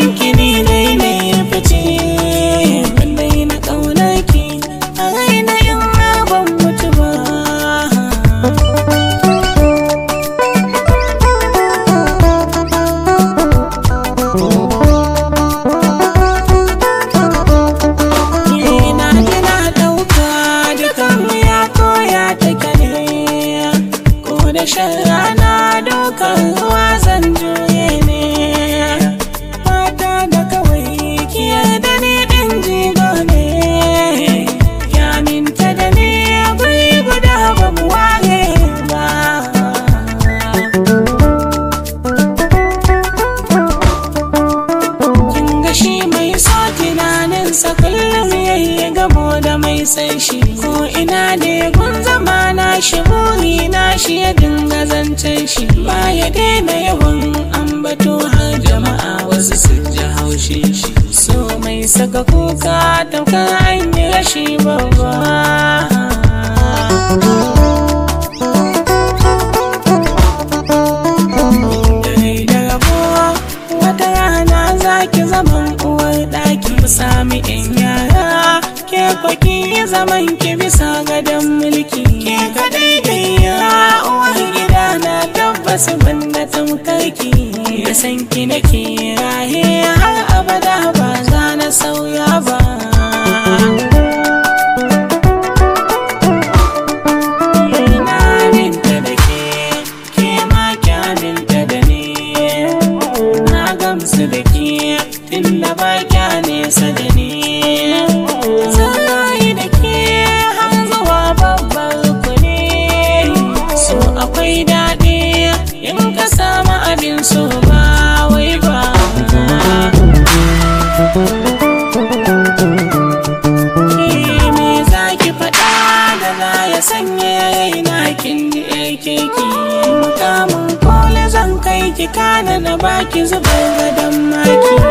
thinking san shi ko ina ne gun zama na shi muni na shi ya dinga zancen shi ba ya daina yawan ambato har jama'a wasu sun ji haushin shi so mai saka kuka tamkar an yi rashi babba uwar ɗaki sami 'yan yara ke kwaki zaman ki bisa gadon mulki ke kadai gayya uwan gida na tabbas ban da tamkarki Ya san ki nake rahe har abada ba aike ki mukamin kole zan kai ki kana na baki zubar gadon maki